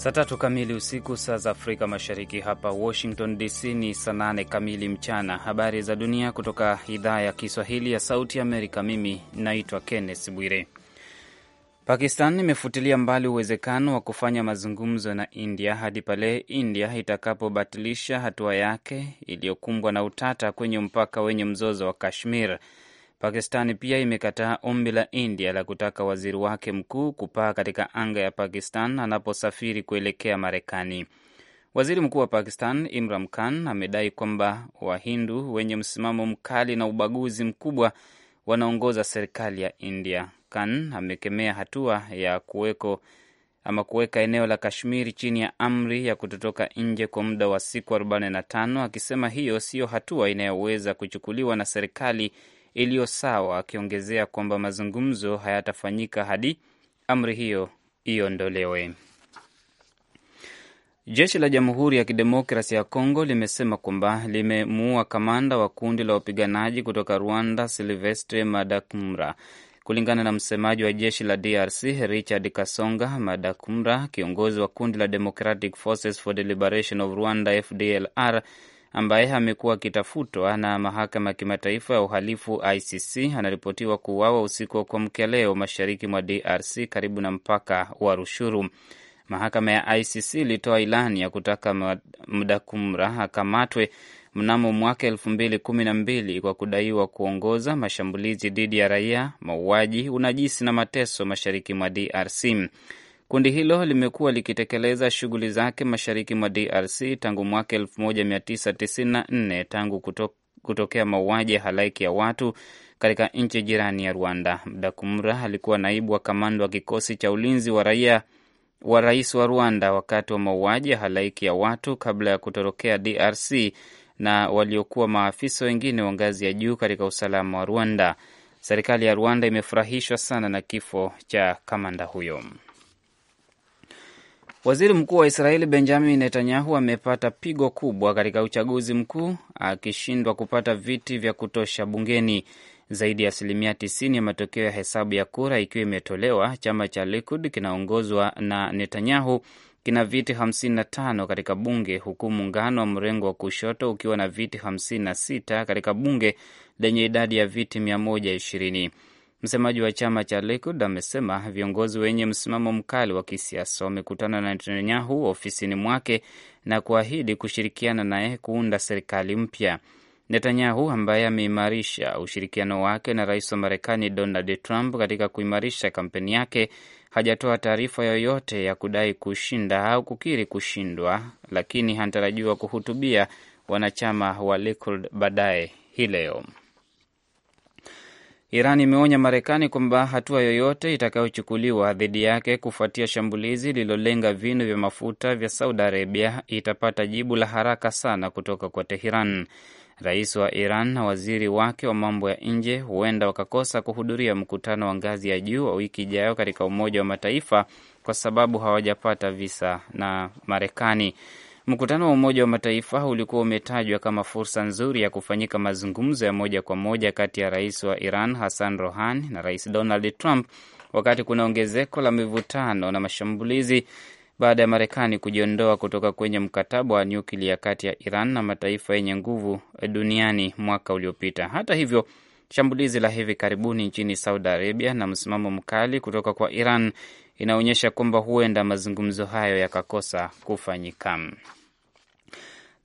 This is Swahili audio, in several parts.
Saa tatu kamili usiku, saa za Afrika Mashariki. Hapa Washington DC ni saa nane kamili mchana. Habari za dunia kutoka idhaa ya Kiswahili ya Sauti Amerika. Mimi naitwa Kenneth Bwire. Pakistan imefutilia mbali uwezekano wa kufanya mazungumzo na India hadi pale India itakapobatilisha hatua yake iliyokumbwa na utata kwenye mpaka wenye mzozo wa Kashmir. Pakistani pia imekataa ombi la India la kutaka waziri wake mkuu kupaa katika anga ya Pakistan anaposafiri kuelekea Marekani. Waziri mkuu wa Pakistan Imran Khan amedai kwamba Wahindu wenye msimamo mkali na ubaguzi mkubwa wanaongoza serikali ya India. Khan amekemea hatua ya kuweko ama kuweka eneo la Kashmiri chini ya amri ya kutotoka nje kwa muda wa siku 45 akisema hiyo siyo hatua inayoweza kuchukuliwa na serikali iliyo sawa, akiongezea kwamba mazungumzo hayatafanyika hadi amri hiyo iondolewe. Jeshi la Jamhuri ya Kidemokrasi ya Kongo limesema kwamba limemuua kamanda wa kundi la wapiganaji kutoka Rwanda, Silvestre Madakumra. Kulingana na msemaji wa jeshi la DRC Richard Kasonga, Madakumra, kiongozi wa kundi la Democratic Forces for the Liberation of Rwanda, FDLR, ambaye amekuwa akitafutwa na mahakama ya kimataifa ya uhalifu ICC anaripotiwa kuuawa usiku wa kuamkia leo mashariki mwa DRC karibu na mpaka wa Rushuru. Mahakama ya ICC ilitoa ilani ya kutaka Mdakumra akamatwe mnamo mwaka elfu mbili kumi na mbili kwa kudaiwa kuongoza mashambulizi dhidi ya raia, mauaji, unajisi na mateso mashariki mwa DRC. Kundi hilo limekuwa likitekeleza shughuli zake mashariki mwa DRC tangu mwaka 1994 tangu kuto, kutokea mauaji ya halaiki ya watu katika nchi jirani ya Rwanda. Mdakumura alikuwa naibu wa kamanda wa kikosi cha ulinzi wa raia wa rais wa Rwanda wakati wa mauaji ya halaiki ya watu kabla ya kutorokea DRC na waliokuwa maafisa wengine wa ngazi ya juu katika usalama wa Rwanda. Serikali ya Rwanda imefurahishwa sana na kifo cha kamanda huyo. Waziri mkuu wa Israeli Benjamin Netanyahu amepata pigo kubwa katika uchaguzi mkuu akishindwa kupata viti vya kutosha bungeni. Zaidi ya asilimia 90 ya matokeo ya hesabu ya kura ikiwa imetolewa, chama cha Likud kinaongozwa na Netanyahu kina viti 55 katika bunge, huku muungano wa mrengo wa kushoto ukiwa na viti 56 katika bunge lenye idadi ya viti 120. Msemaji wa chama cha Likud amesema viongozi wenye msimamo mkali wa kisiasa wamekutana na Netanyahu ofisini mwake na kuahidi kushirikiana naye kuunda serikali mpya. Netanyahu ambaye ameimarisha ushirikiano wake na rais wa Marekani Donald Trump katika kuimarisha kampeni yake hajatoa taarifa yoyote ya kudai kushinda au kukiri kushindwa, lakini anatarajiwa kuhutubia wanachama wa Likud baadaye hii leo. Iran imeonya Marekani kwamba hatua yoyote itakayochukuliwa dhidi yake kufuatia shambulizi lililolenga vinu vya mafuta vya Saudi Arabia itapata jibu la haraka sana kutoka kwa Teheran. Rais wa Iran na waziri wake wa mambo ya nje huenda wakakosa kuhudhuria mkutano wa ngazi ya juu wa wiki ijayo katika Umoja wa Mataifa kwa sababu hawajapata visa na Marekani. Mkutano wa Umoja wa Mataifa ulikuwa umetajwa kama fursa nzuri ya kufanyika mazungumzo ya moja kwa moja kati ya rais wa Iran Hassan Rohani na rais Donald Trump wakati kuna ongezeko la mivutano na mashambulizi baada ya Marekani kujiondoa kutoka kwenye mkataba wa nyuklia kati ya Iran na mataifa yenye nguvu duniani mwaka uliopita. Hata hivyo Shambulizi la hivi karibuni nchini Saudi Arabia na msimamo mkali kutoka kwa Iran inaonyesha kwamba huenda mazungumzo hayo yakakosa kufanyika.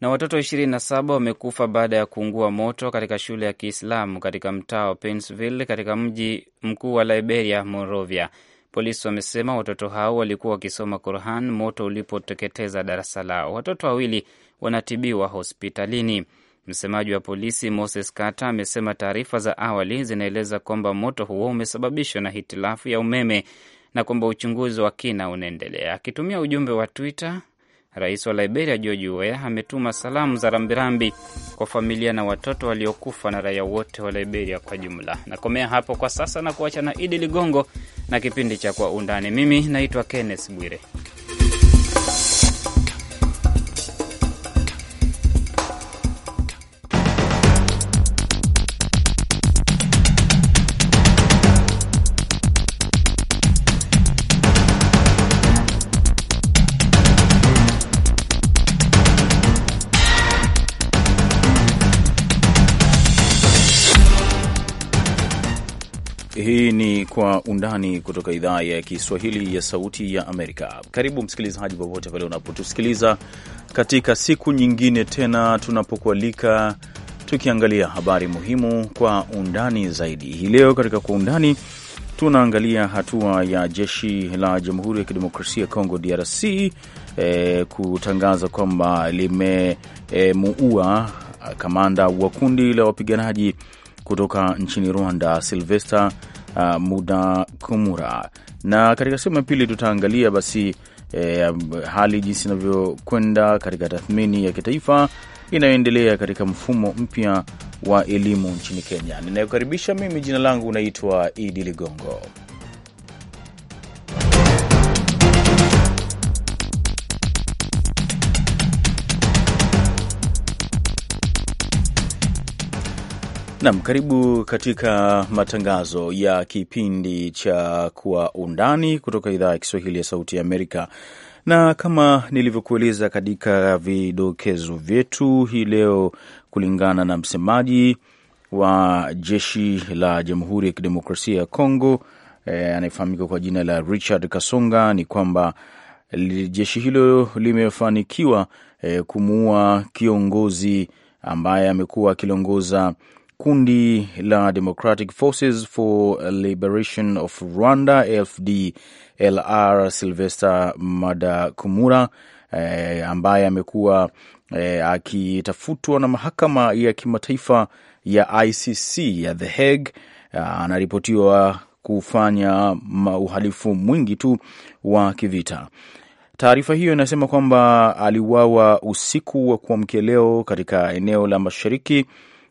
Na watoto 27 wamekufa baada ya kuungua moto katika shule ya Kiislamu katika mtaa wa pensville katika mji mkuu wa Liberia, Monrovia. Polisi wamesema watoto hao walikuwa wakisoma Qur'an moto ulipoteketeza darasa lao. Watoto wawili wanatibiwa hospitalini. Msemaji wa polisi Moses Kata amesema taarifa za awali zinaeleza kwamba moto huo umesababishwa na hitilafu ya umeme na kwamba uchunguzi wa kina unaendelea. Akitumia ujumbe wa Twitter, rais wa Liberia George Weah ametuma salamu za rambirambi kwa familia na watoto waliokufa na raia wote wa Liberia kwa jumla. Nakomea hapo kwa sasa na kuacha na Idi Ligongo na kipindi cha Kwa Undani. Mimi naitwa Kenneth Bwire. Kwa Undani kutoka idhaa ya Kiswahili ya Sauti ya Amerika. Karibu msikilizaji, popote pale unapotusikiliza katika siku nyingine tena tunapokualika tukiangalia habari muhimu kwa undani zaidi. Hii leo katika Kwa Undani tunaangalia hatua ya jeshi la Jamhuri ya Kidemokrasia ya Kongo, DRC, eh, kutangaza kwamba limemuua eh, kamanda wa kundi la wapiganaji kutoka nchini Rwanda Sylvester uh, muda kumura, na katika sehemu ya pili tutaangalia basi eh, hali jinsi inavyokwenda katika tathmini ya kitaifa inayoendelea katika mfumo mpya wa elimu nchini Kenya. Ninayokaribisha mimi, jina langu naitwa Idi Ligongo. Nam, karibu katika matangazo ya kipindi cha Kwa Undani kutoka idhaa ya Kiswahili ya Sauti ya Amerika, na kama nilivyokueleza katika vidokezo vyetu hii leo, kulingana na msemaji wa jeshi la Jamhuri ya Kidemokrasia ya Kongo eh, anayefahamika kwa jina la Richard Kasonga, ni kwamba jeshi hilo limefanikiwa eh, kumuua kiongozi ambaye amekuwa akilongoza kundi la Democratic Forces for Liberation of Rwanda FDLR, Sylvester Madakumura eh, ambaye amekuwa eh, akitafutwa na mahakama ya kimataifa ya ICC ya The Hague, eh, anaripotiwa kufanya uhalifu mwingi tu wa kivita. Taarifa hiyo inasema kwamba aliuawa usiku wa kuamkia leo katika eneo la mashariki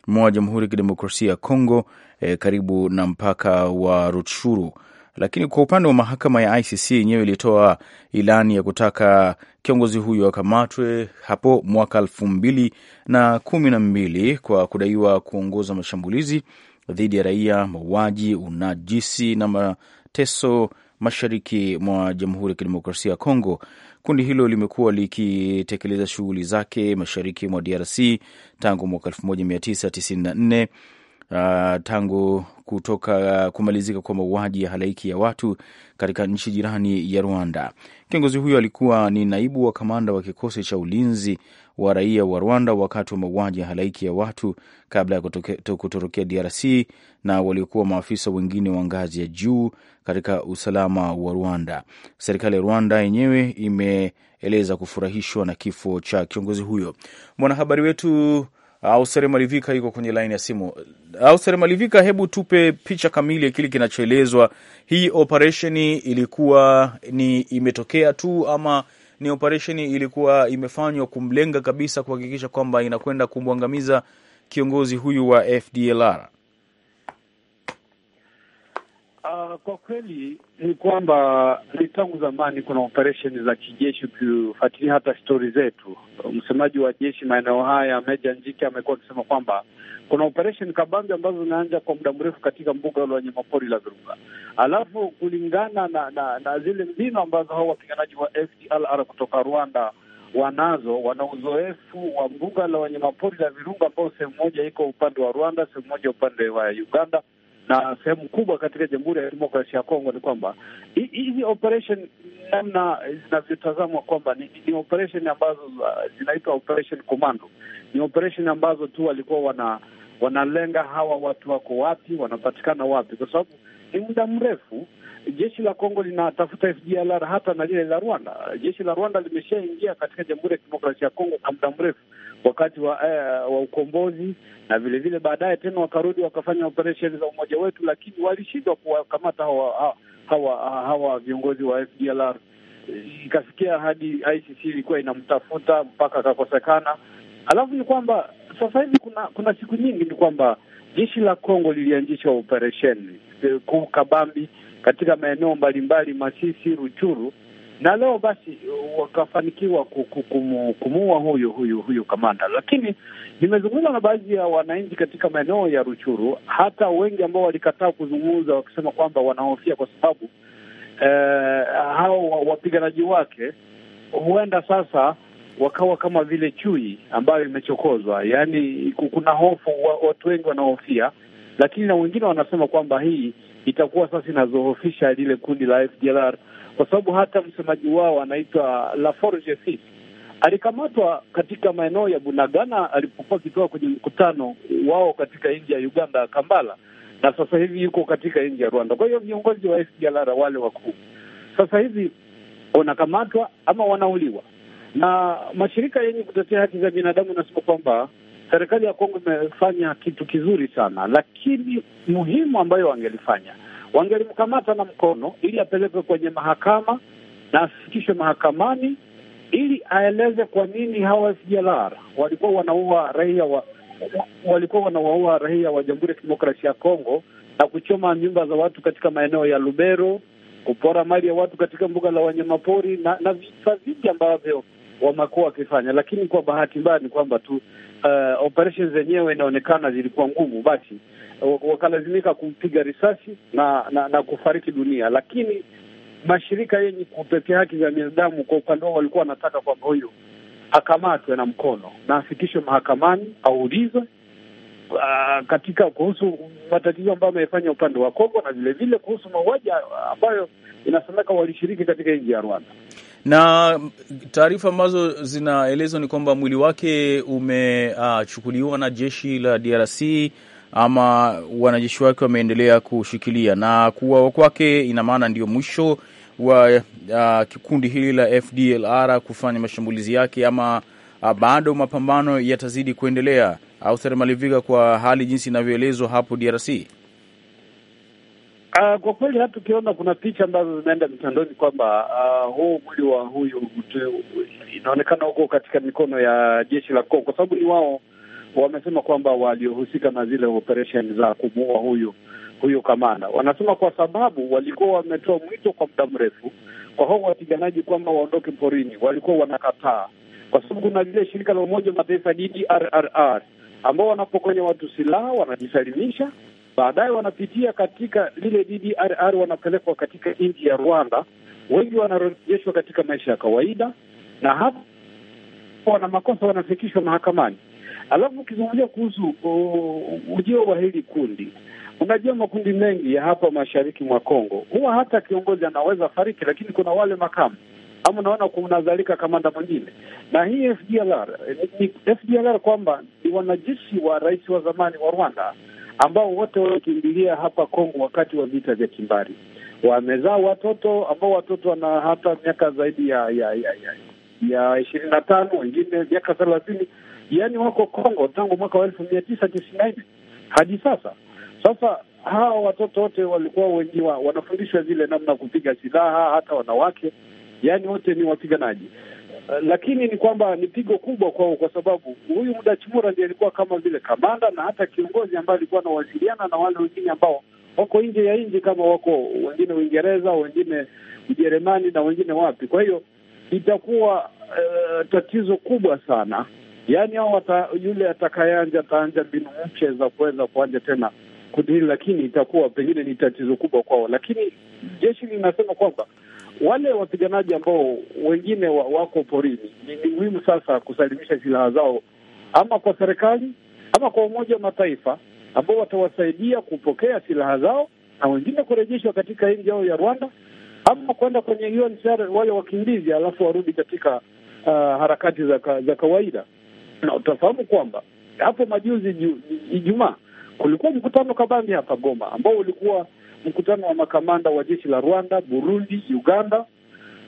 mwa Jamhuri ya Kidemokrasia ya Kongo e, karibu na mpaka wa Rutshuru. Lakini kwa upande wa mahakama ya ICC yenyewe ilitoa ilani ya kutaka kiongozi huyo akamatwe hapo mwaka elfu mbili na kumi na mbili kwa kudaiwa kuongoza mashambulizi dhidi ya raia, mauaji, unajisi na mateso mashariki mwa Jamhuri ya Kidemokrasia ya Kongo. Kundi hilo limekuwa likitekeleza shughuli zake mashariki mwa DRC tangu mwaka 1994 Uh, tangu kutoka kumalizika kwa mauaji ya halaiki ya watu katika nchi jirani ya Rwanda. Kiongozi huyo alikuwa ni naibu wa kamanda wa kikosi cha ulinzi wa raia wa Rwanda wakati wa mauaji ya halaiki ya watu kabla ya kutorokea DRC, na waliokuwa maafisa wengine wa ngazi ya juu katika usalama wa Rwanda. Serikali ya Rwanda yenyewe imeeleza kufurahishwa na kifo cha kiongozi huyo. Mwanahabari wetu uh, Ausere Malivika iko kwenye laini ya simu. Ausere Malivika, hebu tupe picha kamili ya kile kinachoelezwa. Hii operesheni ilikuwa ni imetokea tu ama ni operesheni ilikuwa imefanywa kumlenga kabisa kuhakikisha kwamba inakwenda kumwangamiza kiongozi huyu wa FDLR? Ah, kwa kweli ni kwamba ni tangu zamani kuna operesheni za kijeshi. Ukifuatilia hata stori zetu, msemaji wa jeshi maeneo haya Meja Njike amekuwa akisema kwamba kuna operesheni kabambi ambazo zinaanja kwa muda mrefu katika mbuga la wanyamapori la Virunga, alafu kulingana na, na, na zile mbinu ambazo hao wapiganaji wa FDLR kutoka Rwanda wanazo wana uzoefu wa mbuga la wanyamapori la Virunga ambao sehemu moja iko upande wa Rwanda, sehemu moja upande wa Uganda, na sehemu kubwa katika Jamhuri ya Demokrasia ya Kongo ni kwamba hizi operation namna zinavyotazamwa kwamba ni, ni operation ambazo uh, zinaitwa operation commando, ni operation ambazo tu walikuwa wana wanalenga hawa watu wako wapi, wanapatikana wapi, kwa sababu ni muda mrefu jeshi la Kongo linatafuta FDLR hata na lile la Rwanda. Jeshi la Rwanda limeshaingia katika Jamhuri ya Kidemokrasia ya Kongo kwa muda mrefu, wakati wa eh, wa ukombozi na vilevile baadaye tena wakarudi wakafanya operesheni za umoja wetu, lakini walishindwa kuwakamata hawa, hawa, hawa viongozi wa FDLR. Ikafikia hadi ICC ilikuwa inamtafuta mpaka akakosekana. Alafu ni kwamba sasa hivi kuna kuna siku nyingi ni kwamba jeshi la Kongo lilianzisha operesheni eh, kuu Kabambi katika maeneo mbalimbali Masisi, Ruchuru, na leo basi uh, wakafanikiwa kumuua huyu huyu huyu kamanda. Lakini nimezungumza na baadhi ya wananchi katika maeneo ya Ruchuru, hata wengi ambao walikataa kuzungumza wakisema kwamba wanahofia kwa sababu eh, hao wapiganaji wake huenda sasa wakawa kama vile chui ambayo imechokozwa, yaani kuna hofu, watu wengi wanahofia lakini na wengine wanasema kwamba hii itakuwa sasa inazohofisha lile kundi la FDLR kwa sababu hata msemaji wao anaitwa Laforge alikamatwa katika maeneo ya Bunagana alipokuwa akitoka kwenye mkutano wao katika nchi ya Uganda, Kampala, na sasa hivi yuko katika nchi ya Rwanda. Kwa hiyo viongozi wa FDLR wale wakuu sasa hivi wanakamatwa ama wanauliwa, na mashirika yenye kutetea haki za binadamu inasema kwamba serikali ya Kongo imefanya kitu kizuri sana, lakini muhimu ambayo wangelifanya wangelimkamata na mkono ili apelekwe kwenye mahakama na afikishwe mahakamani ili aeleze kwa nini hawa FDLR walikuwa wanaua raia wa walikuwa wanawaua raia wa Jamhuri ya Kidemokrasia ya Kongo na kuchoma nyumba za watu katika maeneo ya Lubero, kupora mali ya watu katika mbuga la wanyamapori na na vifaa vingi ambavyo wamekuwa wakifanya, lakini kwa bahati mbaya ni kwamba tu uh, operation zenyewe inaonekana zilikuwa ngumu, basi uh, wakalazimika kumpiga risasi na, na na kufariki dunia. Lakini mashirika yenye kutetea haki za binadamu kwa upande wao walikuwa wanataka kwamba huyu akamatwe na mkono na afikishwe mahakamani aulizwe Uh, katika kuhusu matatizo ambayo amefanya upande wa Kongo na vilevile kuhusu mauaji ambayo inasemeka walishiriki katika nchi ya Rwanda na taarifa ambazo zinaelezwa ni kwamba mwili wake umechukuliwa uh, na jeshi la DRC ama wanajeshi wake wameendelea kushikilia na kuwawa kwake, ina maana ndio mwisho wa uh, kikundi hili la FDLR kufanya mashambulizi yake ama uh, bado mapambano yatazidi kuendelea au kwa hali jinsi inavyoelezwa hapo DRC. Uh, kwa kweli hata ukiona kuna picha ambazo zinaenda mitandaoni kwamba uh, huu mwili wa huyu mtu inaonekana huko katika mikono ya jeshi la Kongo, kwa sababu ni wao wamesema kwamba waliohusika na zile operation za kumuua huyu huyu kamanda, wanasema kwa sababu walikuwa wametoa mwito kwa muda mrefu kwa hao wapiganaji kwamba waondoke porini, walikuwa wanakataa, kwa sababu kuna lile shirika la Umoja wa Mataifa DDRR ambao wanapokonya watu silaha wanajisalimisha baadaye wanapitia katika lile DDRR, wanapelekwa katika nchi ya Rwanda. Wengi wanarejeshwa katika maisha ya kawaida, na hapa wana makosa wanafikishwa mahakamani. Alafu ukizungumzia kuhusu ujio wa hili kundi, unajua makundi mengi ya hapa mashariki mwa Kongo huwa hata kiongozi anaweza fariki, lakini kuna wale makamu ama unaona kunazalika kamanda mwingine. Na hii FDLR eh, ni FDLR kwamba ni wanajeshi wa rais wa zamani wa Rwanda ambao wote waliokimbilia hapa Kongo wakati wa vita vya kimbari. Wamezaa watoto ambao watoto wana hata miaka zaidi ya ya ya ishirini na tano, wengine miaka thelathini, yaani wako Kongo tangu mwaka wa elfu mia tisa tisini na nne hadi sasa. Sasa hawa watoto wote walikuwa wengi wa, wanafundishwa zile namna kupiga silaha, hata wanawake, yaani wote ni wapiganaji. Eh, lakini ni kwamba ni pigo kubwa kwao, kwa sababu huyu Mudachimura ndiye alikuwa kama vile kamanda na hata kiongozi ambaye alikuwa anawasiliana na wale wengine ambao wako nje ya nchi, kama wako wengine Uingereza, wengine Ujerumani na wengine wapi. Kwa hiyo itakuwa uh, tatizo kubwa sana, yaani ata, yule atakayeanja ataanja mbinu mpya za kuweza kuanja tena kundi hili, lakini itakuwa pengine ni tatizo kubwa kwao, lakini jeshi linasema kwamba wale wapiganaji ambao wengine wa, wako porini, ni muhimu sasa kusalimisha silaha zao ama kwa serikali ama kwa Umoja wa Mataifa ambao watawasaidia kupokea silaha zao na wengine kurejeshwa katika nchi yao ya Rwanda ama kwenda kwenye UNHCR wale wakimbizi, alafu warudi katika uh, harakati za, ka, za kawaida. Na utafahamu kwamba hapo majuzi Ijumaa kulikuwa mkutano kabambi hapa Goma ambao ulikuwa mkutano wa makamanda wa jeshi la Rwanda, Burundi, Uganda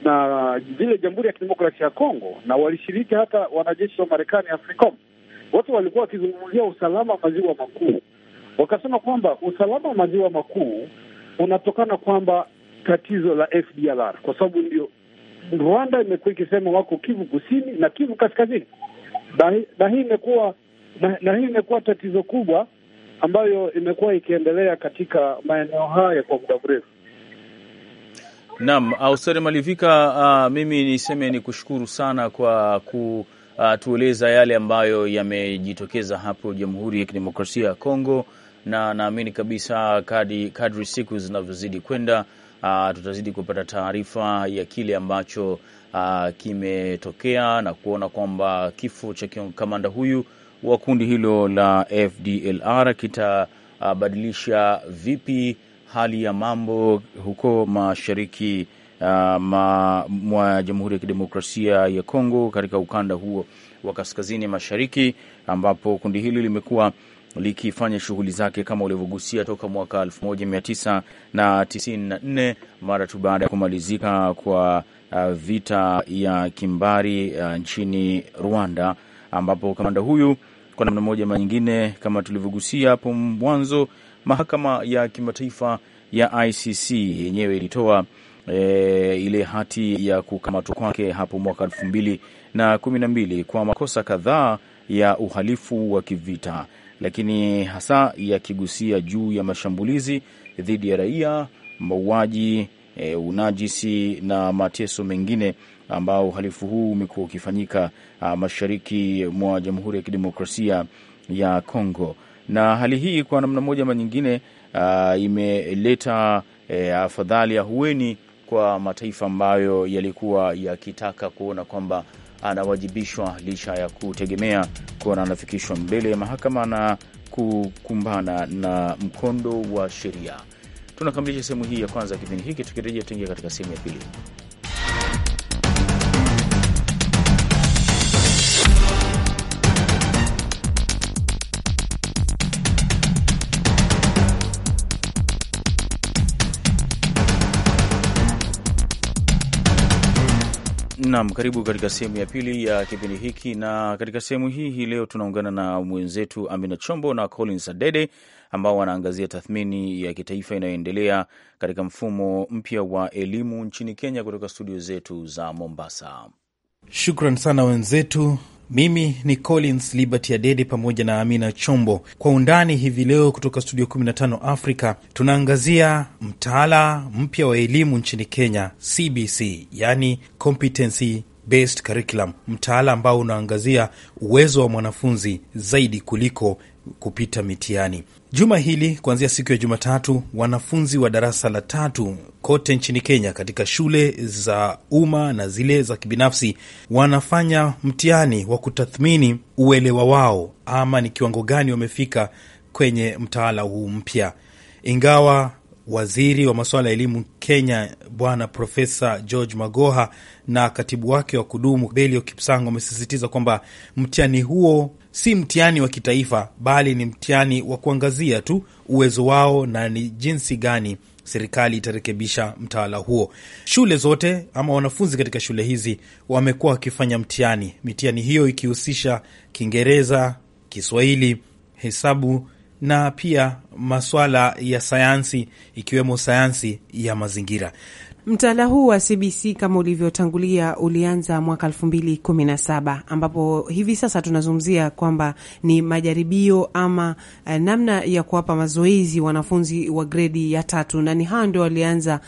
na vile Jamhuri ya Kidemokrasia ya Kongo, na walishiriki hata wanajeshi wa Marekani, AFRICOM. Watu walikuwa wakizungumzia usalama wa maziwa makuu, wakasema kwamba usalama wa maziwa makuu unatokana kwamba tatizo la FDLR, kwa sababu ndio Rwanda imekuwa ikisema wako Kivu Kusini na Kivu Kaskazini, na hii imekuwa na, na hii imekuwa tatizo kubwa ambayo imekuwa ikiendelea katika maeneo haya kwa muda mrefu. Naam, Austeri Malivika, uh, mimi niseme ni kushukuru sana kwa kutueleza yale ambayo yamejitokeza hapo Jamhuri ya Kidemokrasia ya Kongo, na naamini kabisa kadri, kadri siku zinavyozidi kwenda Uh, tutazidi kupata taarifa ya kile ambacho uh, kimetokea na kuona kwamba kifo cha kamanda huyu wa kundi hilo la FDLR kitabadilisha vipi hali ya mambo huko mashariki uh, ma, mwa Jamhuri ya Kidemokrasia ya Kongo katika ukanda huo wa kaskazini mashariki, ambapo kundi hili limekuwa likifanya shughuli zake kama ulivyogusia toka mwaka 1994 mara tu baada ya kumalizika kwa uh, vita ya kimbari uh, nchini Rwanda, ambapo kamanda huyu kwa namna moja ama nyingine, kama tulivyogusia hapo mwanzo, mahakama ya kimataifa ya ICC yenyewe ilitoa e, ile hati ya kukamatwa kwake hapo mwaka elfu mbili na kumi na mbili kwa makosa kadhaa ya uhalifu wa kivita, lakini hasa yakigusia juu ya mashambulizi dhidi ya raia, mauaji, e, unajisi na mateso mengine ambao uhalifu huu umekuwa ukifanyika uh, mashariki mwa Jamhuri ya Kidemokrasia ya Kongo, na hali hii kwa namna moja ama nyingine uh, imeleta uh, afadhali ahueni kwa mataifa ambayo yalikuwa yakitaka kuona kwamba anawajibishwa licha ya kutegemea kuona anafikishwa mbele ya mahakama na kukumbana na mkondo wa sheria. Tunakamilisha sehemu hii ya kwanza ya kipindi hiki, tukirejea tuingia katika sehemu ya pili. Naam, karibu katika sehemu ya pili ya kipindi hiki, na katika sehemu hii hii leo tunaungana na mwenzetu Amina Chombo na Collins Adede ambao wanaangazia tathmini ya kitaifa inayoendelea katika mfumo mpya wa elimu nchini Kenya kutoka studio zetu za Mombasa. Shukran sana wenzetu mimi ni Collins Liberty Adede pamoja na Amina Chombo. Kwa undani hivi leo kutoka studio 15 Africa tunaangazia mtaala mpya wa elimu nchini Kenya, CBC yani competency based curriculum, mtaala ambao unaangazia uwezo wa mwanafunzi zaidi kuliko kupita mitihani. Juma hili kuanzia siku ya Jumatatu, wanafunzi wa darasa la tatu kote nchini Kenya katika shule za umma na zile za kibinafsi wanafanya mtihani wa kutathmini uelewa wao ama ni kiwango gani wamefika kwenye mtaala huu mpya, ingawa waziri wa masuala ya elimu Kenya Bwana Profesa George Magoha na katibu wake wa kudumu Belio Kipsang wamesisitiza kwamba mtihani huo si mtihani wa kitaifa, bali ni mtihani wa kuangazia tu uwezo wao na ni jinsi gani serikali itarekebisha mtaala huo. Shule zote ama wanafunzi katika shule hizi wamekuwa wakifanya mtihani, mitihani hiyo ikihusisha Kiingereza, Kiswahili, hesabu na pia maswala ya sayansi ikiwemo sayansi ya mazingira. Mtaala huu wa CBC kama ulivyotangulia ulianza mwaka saba ambapo hivi sasa tunazungumzia kwamba ni majaribio ama uh, namna ya kuwapa mazoezi wanafunzi wa gredi ya tatu, na ni hawa ndio walianza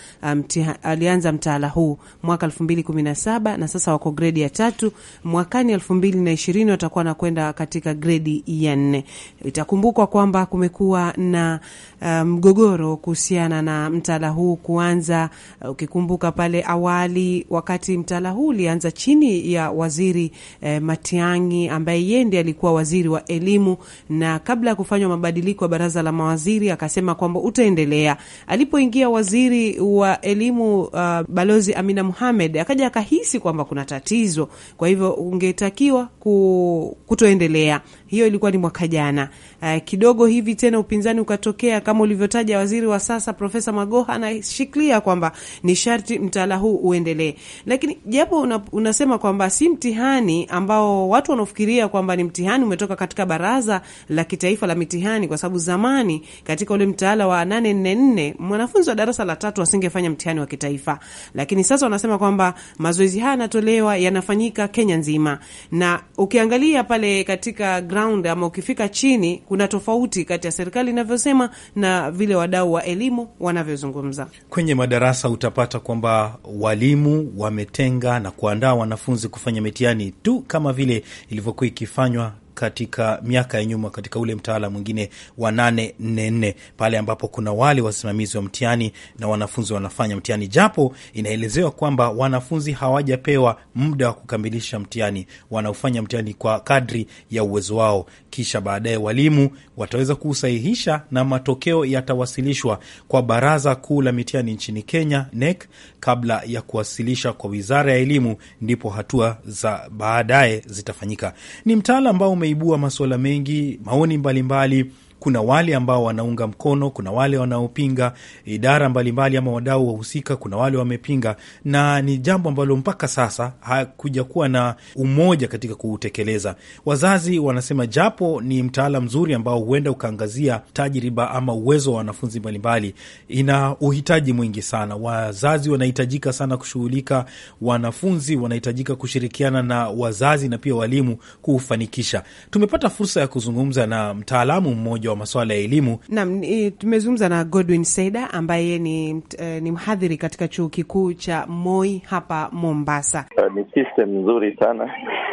um, mtaala huu mwaka kumi na sasa wako gredi ya tatu. Mwakani 2020 watakuwa na kwenda katika gredi ya nne. Itakumbukwa kwamba kumekuwa na eh, mgogoro um, kuhusiana na mtaala huu kuanza uh, Ukikumbuka pale awali wakati mtaala huu ulianza chini ya waziri eh, Matiang'i ambaye yeye ndiye alikuwa waziri wa elimu, na kabla ya kufanywa mabadiliko ya baraza la mawaziri akasema kwamba utaendelea. Alipoingia waziri wa elimu uh, Balozi Amina Mohamed akaja akahisi kwamba kuna tatizo, kwa hivyo ungetakiwa ku, kutoendelea. Hiyo ilikuwa ni mwaka jana. Uh, kidogo hivi tena upinzani ukatokea, kama ulivyotaja waziri wa sasa Profesa Magoha anashikilia kwamba ni sharti mtaala huu uendelee. Lakini japo una, unasema kwamba si mtihani ambao watu wanaofikiria kwamba ni mtihani umetoka katika Baraza la Kitaifa la Mitihani, kwa sababu zamani katika ule mtaala wa 844 mwanafunzi wa darasa la tatu asingefanya mtihani wa kitaifa, lakini sasa wanasema kwamba mazoezi haya yanatolewa, yanafanyika Kenya nzima, na ukiangalia pale katika ground ama ukifika chini, kuna tofauti kati ya serikali inavyosema na vile wadau wa elimu wanavyozungumza kwenye madarasa utapata unapata kwamba walimu wametenga na kuandaa wanafunzi kufanya mitihani tu kama vile ilivyokuwa ikifanywa katika miaka ya nyuma katika ule mtaala mwingine wa nne pale ambapo kuna wale wasimamizi wa mtihani na wanafunzi wanafanya mtihani, japo inaelezewa kwamba wanafunzi hawajapewa muda wa kukamilisha mtihani, wanaofanya mtihani kwa kadri ya uwezo wao, kisha baadaye walimu wataweza kuusahihisha na matokeo yatawasilishwa kwa Baraza Kuu la Mitihani nchini Kenya, NEC, kabla ya kuwasilisha kwa Wizara ya Elimu, ndipo hatua za baadaye zitafanyika. Ni mtaala ambao ume umeibua masuala mengi, maoni mbalimbali mbali. Kuna wale ambao wanaunga mkono, kuna wale wanaopinga, idara mbalimbali ama wadau wahusika, kuna wale wamepinga, na ni jambo ambalo mpaka sasa hakuja kuwa na umoja katika kuutekeleza. Wazazi wanasema japo ni mtaala mzuri ambao huenda ukaangazia tajriba ama uwezo wa wanafunzi mbalimbali, ina uhitaji mwingi sana. Wazazi wanahitajika sana kushughulika, wanafunzi wanahitajika kushirikiana na wazazi na pia walimu kuufanikisha. Tumepata fursa ya kuzungumza na mtaalamu mmoja mmoja wa masuala ya elimu. Naam, tumezungumza na Godwin Seda ambaye ni, eh, ni mhadhiri katika chuo kikuu cha Moi hapa Mombasa. Uh, ni system nzuri sana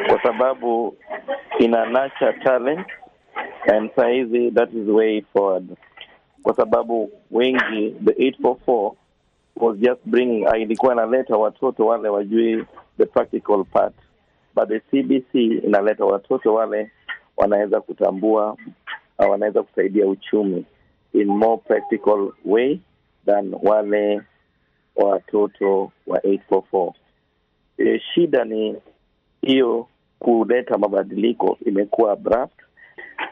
kwa sababu ina nacha talent and sahizi that is way forward kwa sababu wengi the 844 was just bring ah, ilikuwa inaleta watoto wale wajui the practical part but the CBC inaleta watoto wale wanaweza kutambua wanaweza kusaidia uchumi in more practical way than wale watoto wa 844. E, eh, shida ni hiyo kuleta mabadiliko imekuwa abrupt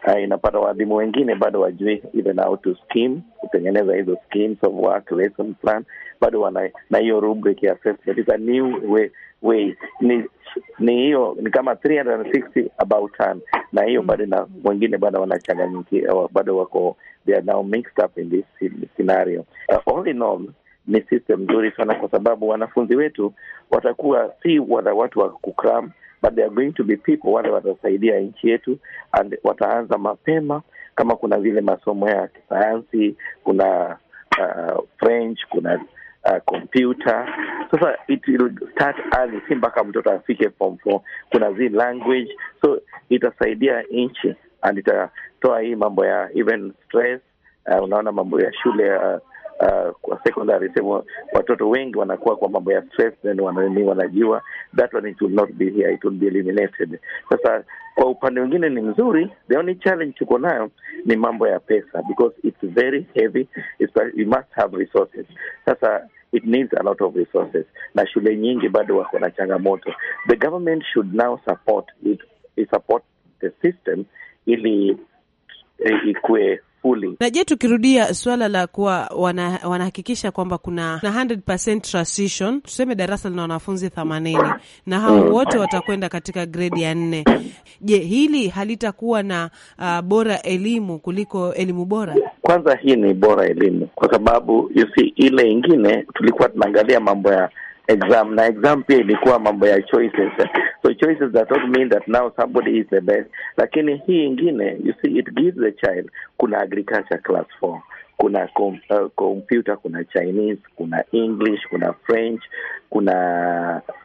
uh, inapata waalimu wengine bado wajui even how to scheme kutengeneza hizo schemes of work lesson plan, bado wana na hiyo rubric ya assessment. is a new way, way. Ni ni hiyo ni kama 360 about turn, na hiyo mm. bado na wengine bado wanachanganyikia, bado wako they are now mixed up in this scenario. Uh, all in all ni system nzuri sana, kwa sababu wanafunzi wetu watakuwa si wala watu wa kukram but are going to be people wale watasaidia nchi yetu and wataanza mapema kama kuna vile masomo ya kisayansi kuna uh, French kuna uh, computer sasa it will start early si mpaka mtoto afike form four kuna zi language so itasaidia nchi and itatoa hii mambo ya even stress uh, unaona mambo ya shule uh, Uh, kwa secondary sema watoto wengi wanakuwa kwa mambo ya stress, wanani wanajua that one it will not be here, it will be eliminated. Sasa kwa upande mwingine ni mzuri, the only challenge tuko nayo ni mambo ya pesa because it's very heavy, it's, you must have resources. Sasa it needs a lot of resources, na shule nyingi bado wako na changamoto. The government should now support it, it support the system ili eh, ikuwe fully. Na je, tukirudia suala la kuwa wana, wanahakikisha kwamba kuna na 100% transition, tuseme darasa lina wanafunzi 80 na hao mm. wote watakwenda katika gredi ya nne. Je, hili halitakuwa na uh, bora elimu kuliko elimu bora? Kwanza hii ni bora elimu, kwa sababu you see, ile ingine tulikuwa tunaangalia mambo ya exam na exam pia ilikuwa mambo ya choices so choices that don't mean that now somebody is the best lakini hii ingine you see it gives the child kuna agriculture class 4 kuna kom, uh, computer kuna chinese kuna english kuna french kuna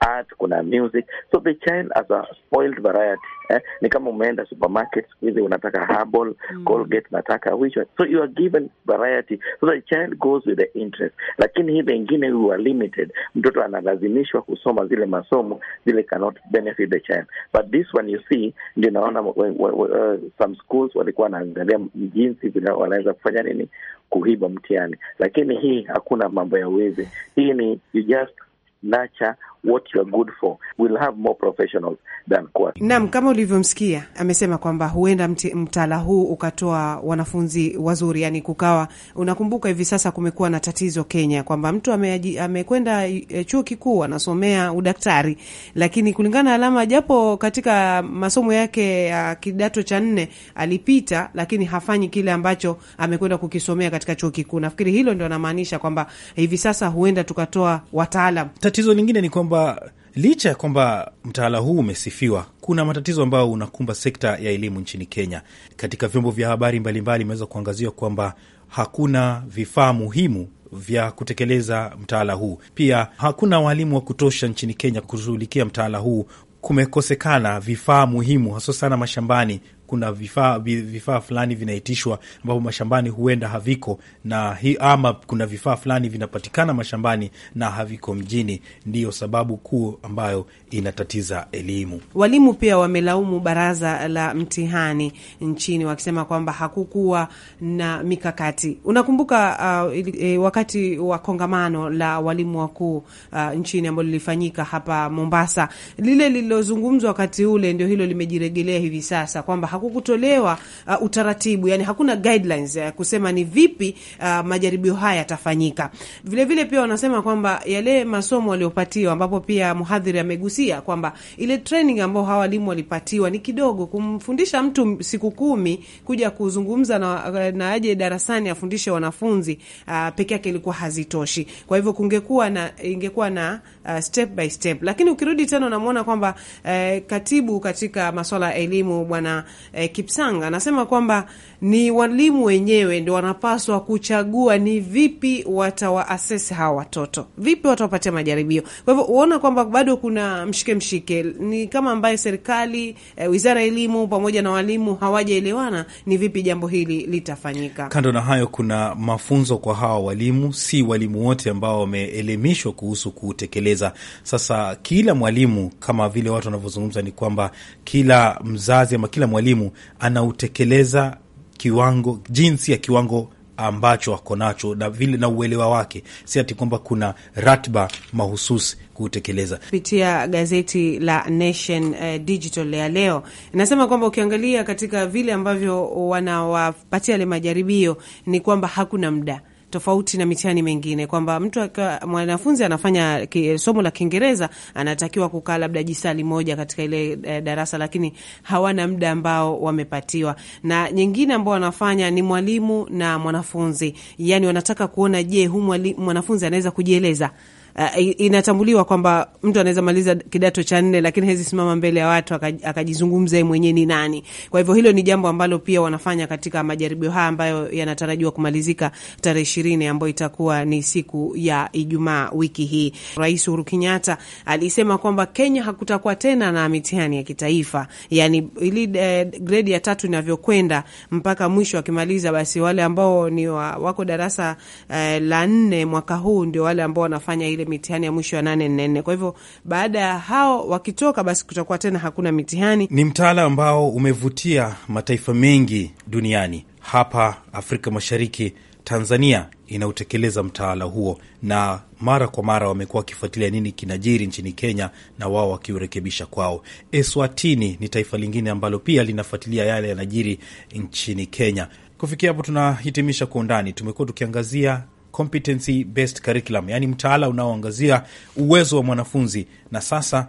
art kuna music so the child has a spoiled variety eh? Ni kama umeenda supermarket siku hizi unataka herbal, mm. Colgate nataka which one? So you are given variety so the child goes with the interest, lakini hii vengine you are limited. Mtoto analazimishwa kusoma zile masomo zile cannot benefit the child, but this one you see, ndio naona uh, some schools walikuwa wanaangalia jinsi vile wanaweza kufanya nini kuhiba mtihani, lakini hii hakuna mambo ya uwezi. Hii ni you just nacha what you are good for we'll have more professionals than quota. Naam, kama ulivyomsikia amesema kwamba huenda mtaala huu ukatoa wanafunzi wazuri, yani kukawa, unakumbuka hivi sasa kumekuwa na tatizo Kenya kwamba mtu amekwenda ame eh, chuo kikuu anasomea udaktari, lakini kulingana na alama, japo katika masomo yake ya kidato cha nne alipita, lakini hafanyi kile ambacho amekwenda kukisomea katika chuo kikuu. Nafikiri hilo ndio anamaanisha kwamba hivi sasa huenda tukatoa wataalam. Tatizo lingine ni kwamba kwamba licha ya kwamba mtaala huu umesifiwa, kuna matatizo ambayo unakumba sekta ya elimu nchini Kenya. Katika vyombo vya habari mbalimbali imeweza kuangaziwa kwamba hakuna vifaa muhimu vya kutekeleza mtaala huu. Pia hakuna walimu wa kutosha nchini Kenya kushughulikia mtaala huu. Kumekosekana vifaa muhimu haswa sana mashambani kuna vifaa vifaa fulani vinaitishwa ambapo mashambani huenda haviko na hi, ama kuna vifaa fulani vinapatikana mashambani na haviko mjini. Ndiyo sababu kuu ambayo inatatiza elimu. Walimu pia wamelaumu baraza la mtihani nchini wakisema kwamba hakukuwa na mikakati. Unakumbuka uh, e, wakati wa kongamano la walimu wakuu uh, nchini ambalo lilifanyika hapa Mombasa, lile lililozungumzwa wakati ule ndio hilo limejiregelea hivi sasa kwamba hakukutolewa uh, utaratibu, yani hakuna guidelines ya kusema ni vipi uh, majaribio haya yatafanyika. Vilevile pia wanasema kwamba yale masomo waliopatiwa, ambapo pia mhadhiri amegusia kwamba ile training ambao hawa walimu walipatiwa ni kidogo. Kumfundisha mtu siku kumi kuja kuzungumza na, na aje darasani afundishe wanafunzi uh, peke yake ilikuwa hazitoshi. Kwa hivyo kungekuwa na ingekuwa na uh, step by step. Lakini ukirudi tena unamwona kwamba uh, katibu katika masuala ya elimu bwana uh, Kipsanga anasema kwamba ni walimu wenyewe ndio wanapaswa kuchagua ni vipi watawaasesi hawa watoto, vipi watawapatia majaribio. Kwa hivyo uona kwamba bado kuna mshike mshike, ni kama ambaye serikali uh, wizara ya elimu pamoja na walimu hawajaelewana ni vipi jambo hili litafanyika. Kando na hayo, kuna mafunzo kwa hawa walimu, si walimu wote ambao wameelimishwa kuhusu kutekeleza Kiingereza. Sasa kila mwalimu, kama vile watu wanavyozungumza, ni kwamba kila mzazi ama kila mwalimu anautekeleza kiwango, jinsi ya kiwango ambacho ako nacho na vile na uelewa wake, si ati kwamba kuna ratiba mahususi kutekeleza. Kupitia gazeti la Nation eh, Digital ya leo inasema kwamba ukiangalia katika vile ambavyo wanawapatia yale majaribio ni kwamba hakuna mda tofauti na mitihani mingine, kwamba mtu mwanafunzi anafanya somo la Kiingereza anatakiwa kukaa labda jisali moja katika ile e, darasa, lakini hawana muda ambao wamepatiwa. Na nyingine ambao wanafanya ni mwalimu na mwanafunzi, yani wanataka kuona je, huu mwanafunzi anaweza kujieleza uh, inatambuliwa kwamba mtu anaweza maliza kidato cha nne lakini hawezi simama mbele ya watu akajizungumza mwenyewe ni nani. Kwa hivyo hilo ni jambo ambalo pia wanafanya katika majaribio haya ambayo yanatarajiwa kumalizika tarehe ishirini ambayo itakuwa ni siku ya Ijumaa wiki hii. Rais Uhuru Kenyatta alisema kwamba Kenya hakutakuwa tena na mitihani ya kitaifa, yani ili eh, gredi ya tatu inavyokwenda mpaka mwisho akimaliza, basi wale ambao ni wa, wako darasa eh, la nne mwaka huu ndio wale ambao wanafanya ile mitihani ya mwisho ya nane nne nne. Kwa hivyo baada ya hao wakitoka, basi kutakuwa tena hakuna mitihani. Ni mtaala ambao umevutia mataifa mengi duniani. Hapa Afrika Mashariki, Tanzania inautekeleza mtaala huo, na mara kwa mara wamekuwa wakifuatilia nini kinajiri nchini Kenya na wao wakiurekebisha kwao. Eswatini ni taifa lingine ambalo pia linafuatilia yale yanajiri nchini Kenya. Kufikia hapo tunahitimisha Kwa Undani. Tumekuwa tukiangazia competency based curriculum, yaani mtaala unaoangazia uwezo wa mwanafunzi, na sasa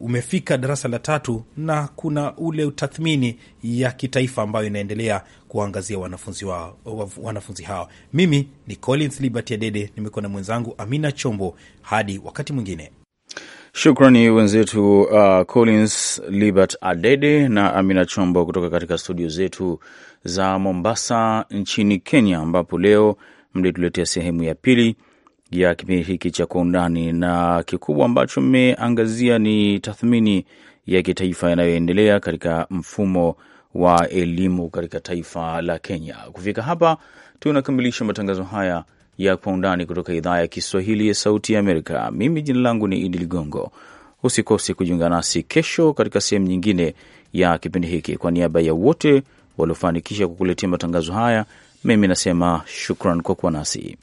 umefika darasa la tatu na kuna ule tathmini ya kitaifa ambayo inaendelea kuwaangazia wanafunzi wa, wanafunzi hao. Mimi ni Collins Liberty Adede, nimekuwa na mwenzangu Amina Chombo. Hadi wakati mwingine. Shukrani wenzetu uh, Collins Libert Adede na Amina Chombo kutoka katika studio zetu za Mombasa nchini Kenya, ambapo leo mlituletea sehemu ya pili ya kipindi hiki cha Kwa Undani, na kikubwa ambacho mmeangazia ni tathmini ya kitaifa yanayoendelea katika mfumo wa elimu katika taifa la Kenya. Kufika hapa, tunakamilisha matangazo haya ya Kwa Undani kutoka idhaa ya Kiswahili ya Sauti ya Amerika. Mimi jina langu ni Idi Ligongo. Usikose kujiunga nasi kesho katika sehemu nyingine ya kipindi hiki. Kwa niaba ya wote waliofanikisha kukuletea matangazo haya, mimi nasema shukran kwa kuwa nasi.